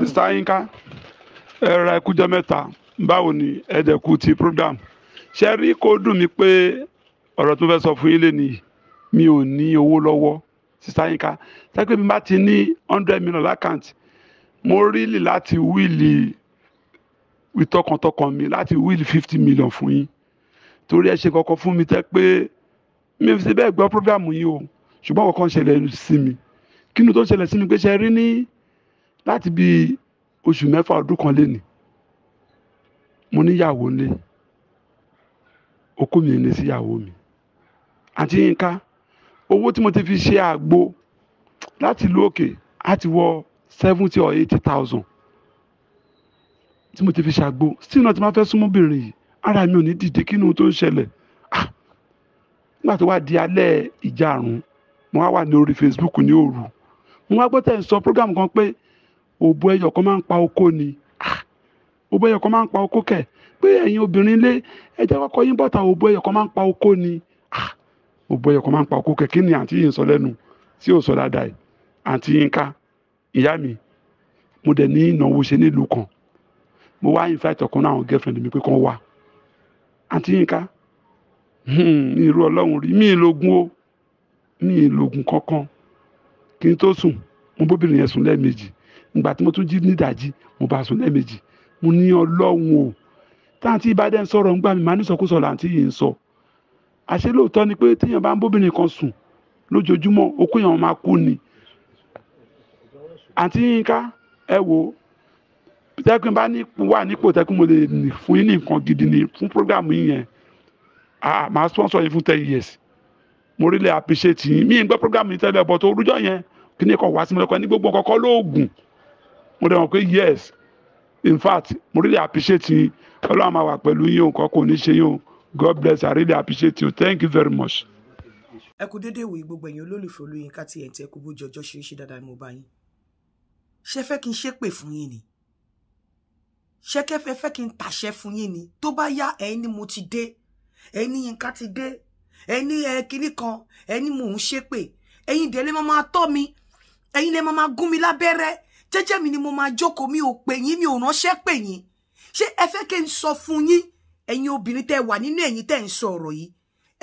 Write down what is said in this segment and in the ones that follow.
sista yinka ẹ ra ẹkújọ mẹ́ta báwo ni ẹdẹkù ti program ṣe rí kó dùn mí pé ọ̀rọ̀ tó fẹ́ sọ fún yín lẹ́nìí mi ò ní owó lọ́wọ́ sista yinka sẹ́kẹ́ mi bá ti ní hundred million lákàntì mo rí lì láti wíìlì ìtọkàntọkàn mi láti wíìlì fifty million fún yín torí ẹ ṣe kọkọ fún mi tẹ pé mi ò fi bẹ́ẹ̀ gbọ́ program yìí o ṣùgbọ́n kọ̀ọ̀kan ṣẹlẹ̀ sí mi kí ni tó ń ṣẹlẹ̀ sí mi pé ṣe rí ní láti bí oṣù mẹ́fà ọdún kan lé ní mo níyàwó ńlé okó mi ní síyàwó mi àti Yínká owó tí mo ti fi ṣe àgbo láti ìlú òkè á wọ seventy or eighty thousand tí mo ti fi ṣàgbo sí iná tí máa fẹ́ súnmọ́ obìnrin yìí ara mi ò ní dìde kínú tó ń ṣẹlẹ̀ ah! nígbà tó wá di alẹ́ ìjàrún mo wá wà ní orí Facebook ní òru mo wá gbọ́ tẹ̀ ń sọ program kan pé òbú ẹyọ kan máa ń pa oko ni ah, òbú ẹyọ kan máa ń pa oko kẹ̀ pé ẹ̀yin obìnrin lé ẹjẹ́ kọ́kọ́ yín bọ́ta òbú ẹyọ kan máa ń pa oko ni ah, òbú ẹyọ kan máa ń pa oko kẹ̀ kí ni àǹtí yìí ń sọ lẹ́nu tí ò sọ dáadáa yìí àǹtí yín ká ìyá mi mo dẹ̀ ní ìnáwó ṣe nílùú kan mo wá invite ọ̀kan náà àwọn girlfriend mi pé kàn wá àǹtí yín ká hmm, irú ọlọ́run rí mí ìlógún o mí ìlógún kankan kí n tó sùn mo bóbìnrin yẹn sùn lẹ́ẹ̀mejì ìgbà tí mo tún jí nídàjí mo bá sùn lẹ́ẹ̀mejì mo ní ọlọ́run o táǹtí ìbàdàn sọ̀rọ̀ ńgbà mi máa ní sọkúsọ làǹtí yìí ń sọ àṣé lóòótọ́ ni pé téèyàn bá ń bóbìnrin kan sùn lójoojúmọ́ okó èèyàn máa kú ni àǹtí yínká ẹ wo tẹ́kùn bá wà nípò tẹ́kùn mo lè fún yín ní nǹkan gidi ni fún prógrámù yín yẹn màá sponsor yín fún ten years mo really appreciate yín mí ń gbọ́ prógrámù yín tẹ́lẹ̀ bọ̀ tó rújọ́ yẹn kí ni kò wá sí mi lọ́kọ̀ ní gbogbo kọ́kọ́ lóògùn mo dẹ̀ mọ̀ pé yes in fact mo really appreciate yín ọlọ́run máa wà pẹ̀lú yín o kò ní ṣe yín god bless i really appreciate you thank you very much. ẹ kú déédéé wòye gbogbo ẹ̀yin olólùfẹ́ Olóyinka TNT ẹ kú bójú ọjọ́ ṣe é ṣe dáadáa ni mo bá yín ṣé fẹ́ kí n ṣépè fún yín ni ṣé kẹ́fẹ́ fẹ́ kí n tàṣẹ fún yín ni tó bá yá ẹ̀yin ni mo ti dé ẹ̀yin ni Yinka ti dé ẹ̀yin ni ẹ kinní kan ẹ̀yin ni mò ń ṣépè ẹ̀yin dẹ̀ máa tọ́ mi ẹ̀yin lè máa jẹ́jẹ́ mi ni mo máa jókòó mi ò pè yín mi ò ránṣẹ́ pè yín ṣé ẹ fẹ́ kí n sọ fún yín ẹ̀yin obìnrin tẹ́ wà nínú ẹ̀yin tẹ́ ń sọ ọ̀rọ̀ yìí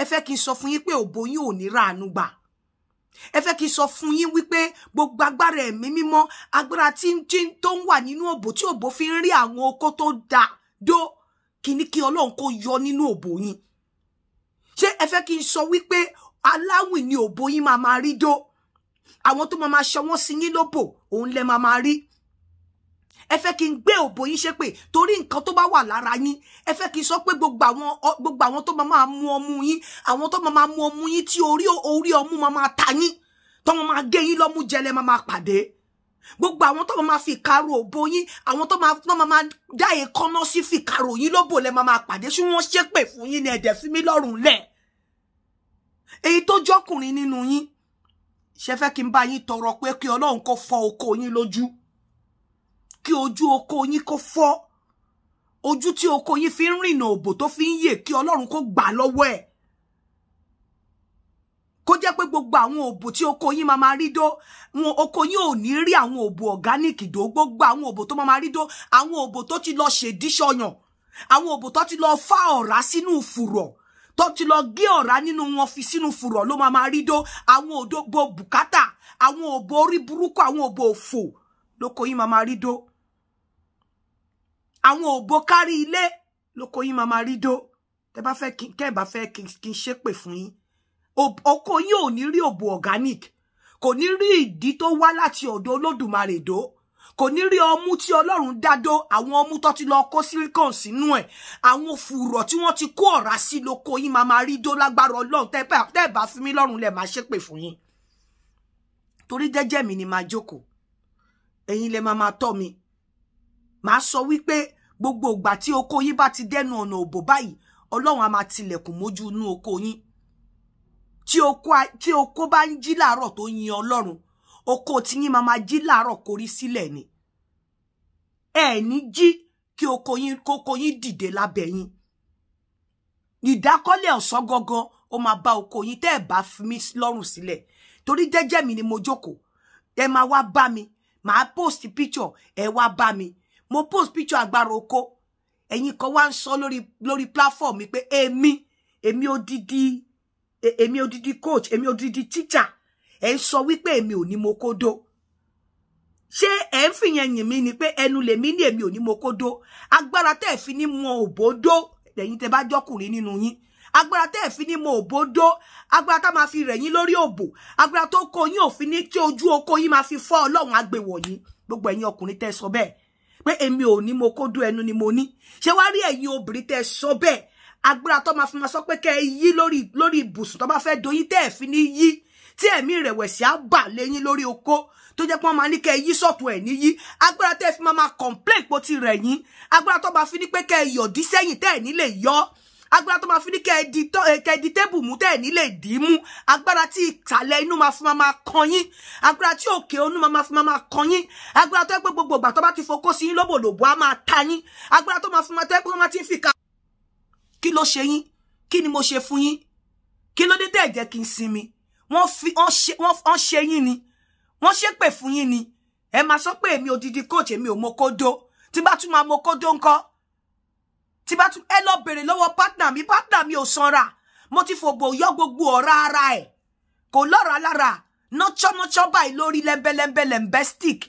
ẹ fẹ́ kí n sọ fún yín pé òbò yín ò ní ráàánú gbà ẹ fẹ́ kí n sọ fún yín wípé gbogbo agbára ẹ̀mí mímọ́ agbára tí ń tó ń wà nínú òbò tí fi ń rí àwọn okó da dó kíní kí Ọlọ́run kó yọ nínú òbò yín ṣé ẹ fẹ́ kí n sọ wípé ni òbò yín máa máa rí dó àwọn tó máa máa ṣọwọ́n sí yín lóbò òun lẹ máa máa rí ẹ fẹ́ kí n gbé òbò yín ṣépè torí nǹkan tó bá wà lára yín ẹ fẹ́ kí n sọ pé gbogbo àwọn gbogbo àwọn tó máa máa mu ọmú yín àwọn tó máa máa mu ọmú yín tí orí orí ọmú máa máa ta yín tó máa máa gé yín lọ́mú jẹlẹ máa máa pàdé gbogbo àwọn tó máa fi ìkarò òbò yín àwọn tó máa máa dá èékánná sí fi ìkarò yín lóbò lẹ máa máa pàdé ṣé wọ́n ṣépè fún yín ni ẹ̀dẹ̀ fi mí lọ́rùn lẹ̀ èyí tó jọ́kùnrin nínú yín ṣe fẹ́ kí n bá yín tọrọ pé kí ọlọ́run kó fọ́ oko yín lójú kí ojú oko yín kó fọ́ ojú tí oko yín fi ń rìnà òbò tó fi ń yè kí ọlọ́run kó gbà lọ́wọ́ ẹ̀ kó jẹ́ pé gbogbo àwọn òbò tí oko yín máa máa rí oko yín ò ní rí àwọn òbò ọ̀gáníìkì dó gbogbo àwọn òbò tó máa máa rí dó àwọn òbò tó ti lọ ṣèdíṣọyàn àwọn òbò ti lọ fá ọ̀rá sínú fùrọ̀ tó ti lọ gé ọ̀rá nínú wọn fi sínú fùrọ̀ ló máa máa rí dó àwọn òdòbo bùkátà àwọn òbò orí burúkú àwọn òbò òfò lóko yín máa máa rí dó àwọn òbò kárí ilé lóko yín máa máa rí dó tẹ bá fẹ́ kẹ bá fẹ́ kí n ṣépè fún yín oko yín ò ní rí òbò organic kò ní rí ìdí tó wá láti ọ̀dọ̀ Olódùmarè kò ní rí ọmú tí ọlọ́run dádó àwọn ọmú tó ti lọ kó silicon sínú ẹ̀ àwọn fùrọ̀ tí wọ́n ti kó ọ̀rá sí lóko yín máa máa rí dó lágbára ọlọ́run tẹ́ ẹ̀ bá fi mí lọ́rùn lẹ̀ máa ṣépè fún yín torí jẹ́jẹ́ mi ni máa jókòó ẹ̀yin lẹ máa máa tọ́ mi màá sọ wípé gbogbo ìgbà tí oko yín bá ti dẹnu ọ̀nà òbò báyìí ọlọ́run á máa tilẹ̀kùn mójú inú oko yín tí oko bá ń jí láàárọ̀ tó yin ọlọ́run oko tí yín máa máa jí láàárọ̀ korí sílẹ̀ ni ẹ ní jí kí oko yín kókó yín dìde lábẹ́ yín ìdákọ́lẹ̀ ọ̀sán gangan ó máa bá oko yín tẹ́ ẹ̀ bá fi mí lọ́rùn sílẹ̀ mi ni mojoko, jókòó ẹ máa wá mi màá post picture ẹ wa bá mi mo post picture agbára oko ẹ̀yin kan wá ń sọ lórí lórí platform mi pé èmi èmi odidi èmi odidi coach èmi odidi teacher ẹ ń sọ wípé èmi ò ní mo kódó ṣé ẹ ń fìyẹn yìn mí ni pé ẹnu lèmi ní èmi ò ní mo kódó agbára tẹ́ ẹ fi ní mọ òbódó lẹ́yìn tẹ́ bá jọ́kùnrin nínú yín agbára tẹ́ ẹ̀ fi ní mo òbódó agbára tá máa fi rẹ̀ yín lórí òbò agbára tó kó yín òfin ní tí ojú oko yín máa fi fọ́ ọlọ́run agbèwọ̀ yín gbogbo ẹ̀yin ọkùnrin tẹ́ sọ bẹ́ẹ̀ pé èmi ò ní mo kó ẹnu ni mo ní ṣé wá rí ẹ̀yin obìnrin tẹ́ sọ bẹ́ẹ̀ agbára tó máa fi máa sọ pé kẹ́ ẹ yí lórí ibùsùn tó bá fẹ́ doyín tẹ́ ẹ̀ fi ní yí tí ẹ̀mí ìrẹ̀wẹ̀sì á bà lẹ́yìn lórí oko tó jẹ́ pé wọ́n máa ní kẹ́ ẹ yí sọ̀tún ẹ̀ níyí agbára tẹ́ ẹ fi máa máa complain pò ti rẹ̀ yín agbára tó bá fi ní pé kẹ́ ẹ yọ̀dí sẹ́yìn tẹ́ ẹ̀ ní lè yọ agbára tó máa fi ní kẹ́ ẹ di tébù mú tẹ́ ẹ̀ ní dì í mú agbára tí ìsàlẹ̀ inú máa fi máa kan yín agbára tí òkè onú máa fi máa kan yín agbára tó ẹ pé gbogbo ìgbà tó bá ti fokó sí yín lóbòlòbò á máa ta yín agbára tó máa fi máa tẹ́ pé wọ́n máa ti ń fi ka. kí ló ṣe yín kí ni mo ṣe fún yín kí ló dé tẹ́ ẹ̀ jẹ́ kí n sinmi wọ́n fi wọ́n ṣe yín ni wọ́n ṣépè fún yín ni ẹ máa sọ pé èmi odidi coach èmi ò mọ kódó tí bá tún máa mọ kódó ńkọ́ tí bá tún ẹ lọ bèrè lọ́wọ́ partner mi partner mi ò sanra mo ti fògbò yọ gbogbo ọ̀rá ara lara no lọ́ra lára nọ́chọ́nọ́chọ́ báyìí lembe lembe lembe stick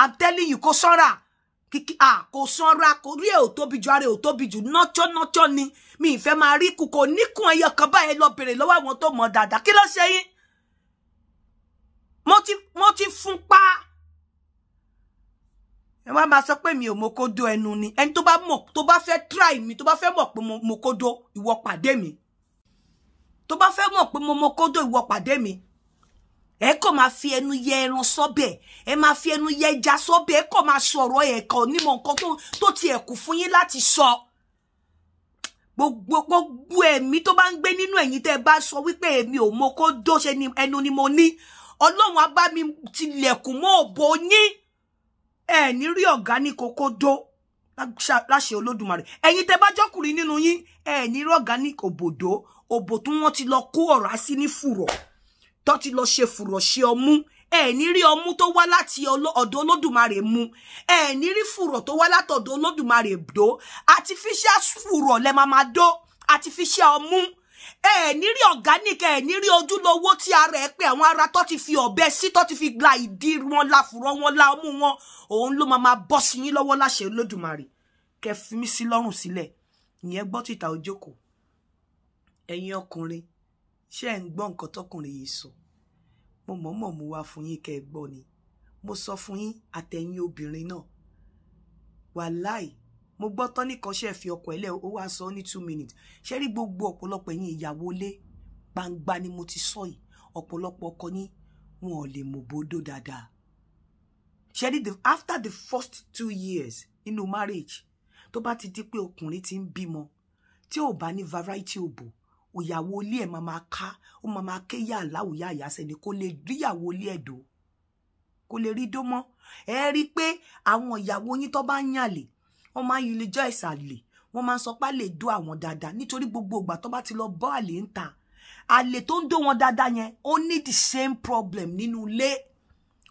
i'm telling you kò sanra kìkì à ah, kò sanra kò rí ẹ ò tóbi ju, ara ẹ ò tóbi jù nọ́jọ́ nọ́jọ́ ni mi ìfẹ́ máa rí kù kò níkùn ẹyọ kan báyẹn lọ bèrè lọ́wọ́ àwọn tó mọ̀ dáadáa kí ló ṣe yín mo ti mo ti fún pa ẹ wá máa sọ pé mi ò mọ kódó ẹnu ni ẹni tó bá mọ̀ tó bá fẹ́ try mi tó bá fẹ́ mọ̀ pé mo kódó ìwọ pàdé mi tó bá fẹ́ mọ̀ pé mo mọ kódó ìwọ pàdé mi ẹ kò máa fi ẹnu yẹ ẹran sọ́bẹ̀ ẹ máa fi ẹnu yẹ ẹja sọ́bẹ̀ ẹ kò máa sọ̀rọ̀ ẹ̀kọ́ onímọ̀ nǹkan tó ti ẹ̀kú fún yín láti sọ gbogbo gbogbo ẹ̀mí tó bá ń gbé nínú ẹ̀yin tẹ́ ẹ bá sọ wípé èmi ò mọ kó dóṣe ẹnu ni mo ní ọlọ́run á bá mi tilẹ̀kùn mọ́ òbò yín ẹ ní rí ọ̀gá ní kókó dó láṣẹ olódùmarè ẹ̀yin tẹ́ bá jọ́kùnrin nínú yín ẹ ní rí ọ̀gá ní òbòdó òbò tí wọ́n ti lọ kó ọ̀rá sí ní fùrọ̀ tó ti lọ ṣe fùrọ̀ṣe ọmú ẹ ní rí ọmú tó wá láti ọ̀dọ̀ olódùmarè mu ẹ ní rí fùrọ̀ tó wá látọ̀dọ̀ olódùmarè dó artificial fùrọ̀ lẹ máa máa dó artificial ọmú ẹ ní rí organic ẹ ní rí ojúlówó tí ara ẹ pé àwọn ara tó ti fi ọ̀bẹ sí tó ti fi gla ìdí wọn la fùrọ̀ wọn la ọmú wọn òun ló máa máa bọ́ sí yín lọ́wọ́ láṣẹ olódùmarè kẹ fi mí sí lọ́rùn sílẹ̀ ìyẹn gbọ́ tìta ojókòó ẹ̀yin ọkùnrin ṣé ẹ̀ ń gbọ́ nǹkan tọkùnrin yìí sọ mo mọ̀ọ́mọ̀ mú wá fún yín kẹ́ ẹ gbọ́ ni mo sọ fún yín àtẹ̀yìn obìnrin náà wàláì mo gbọ́ tán nìkan ṣe fi ọkọ̀ ẹ̀lẹ́ ó wá sọ ní two minutes ṣé rí gbogbo ọ̀pọ̀lọpọ̀ ẹ̀yin ìyàwó lé gbangba ni mo ti sọ yìí ọ̀pọ̀lọpọ̀ ọkọ yín wọn ò lè mọ̀ bódó dáadáa ṣé rí after the first two years nínú marriage tó bá ti di pé ọkùnrin ti ń bímọ tí ò bá ní variety òbò òyàwó ilé ẹ̀ máa máa ká ó máa máa ké yà láwùyá àyàsẹ́ ni kó lè ríyàwó ilé ẹ̀ dò kó lè rí dómọ́ ẹ rí i pé àwọn ìyàwó yín tó bá ń yàlè wọ́n máa ń yin ilé jọ́ ìsàlẹ̀ wọ́n máa ń sọ pé àlè dó àwọn dáadáa nítorí gbogbo ìgbà tó bá ti lọ bọ́ àlè ń àlè tó ń dó wọn dáadáa yẹn ó ní the same problem nínú ilé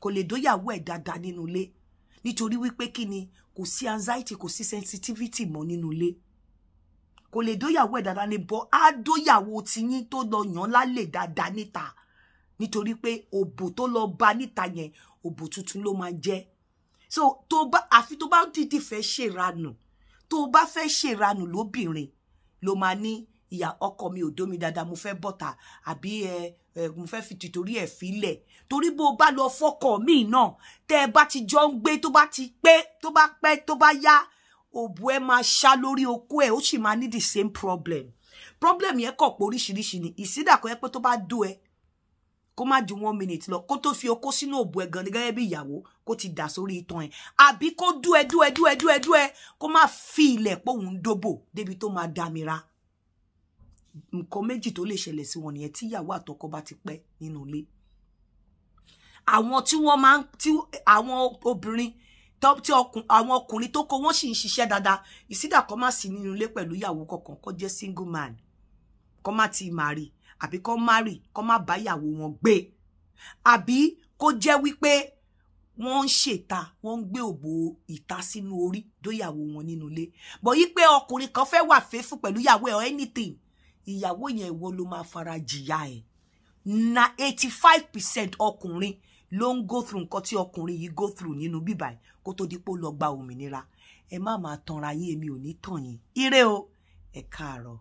kò lè dóyàwó ẹ̀ dáadáa nínú ilé nítorí wípé kí ni kò sí anxiety kò sí sensitivity mọ́ nínú ilé kò lè dóyàwó ẹ̀ dáadáa ní bọ́ á dóyàwó tiyín tó lọ yàn lálẹ́ dáadáa níta nítorí pé òbò tó lọ bá níta yẹn òbò tuntun ló máa jẹ́ so tó bá àfi tó bá dìdì fẹ́ ṣèranù tó bá fẹ́ ṣèranù lóbìnrin ló máa ní ìyá ọkọ mi ò dómi dáadáa mo fẹ́ bọ́ta àbí ẹ ẹ mo fẹ́ fi tìtorí ẹ̀ filẹ̀ torí bó bá lọ fọkọ míì náà tẹ́ bá ti jọ ń gbé tó bá ti pé tó bá pẹ́ tó bá yá òbú ẹ máa ṣá lórí okó ẹ ó sì máa ní the same problem problem yẹn kọ̀ pé oríṣiríṣi ni ìsídà kọ́ ẹ pé tó bá dó ẹ kó má ju one minute lọ kó tó fi okó sínú òbú ẹ gan ni gẹ́gẹ́ bí ìyàwó kó ti dà sórí itan ẹ àbí kó dú ẹ dú ẹ dú ẹ dú ẹ dú ẹ kó má fi ilẹ̀ póun dóbò débi tó máa dàmíra nǹkan méjì tó lè ṣẹlẹ̀ sí wọn nìyẹn tí ìyàwó àtọkọ bá ti pẹ́ nínú ilé àwọn tí wọ́n máa ń tí àwọn obìnrin tí àwọn ọkùnrin tó kó wọ́n sì ń ṣiṣẹ́ dáadáa ìsídà kọ́ má sí nínú ilé pẹ̀lú ìyàwó kọ̀ọ̀kan kó jẹ́ single man kó má ti marry àbí kó marry kó má bá ìyàwó wọn gbé àbí kó jẹ́ wípé wọ́n ń ṣèta wọ́n ń gbé òbò ìta sínú orí dóyàwó wọn nínú ilé bọ̀ yí pé ọkùnrin kan fẹ́ wà fẹ́fù pẹ̀lú ìyàwó ẹ̀ or anything ìyàwó yẹn ìwọ ló máa fara jìyà ẹ̀ na eighty five percent ọkùnrin ló ń go through nǹkan tí ọkùnrin yìí go through nínú bíbà yìí kó tó di pé ó lọ gba òmìnira ẹ má máa tanra yín èmi ò ní tàn yín ire o ẹ káàárọ̀.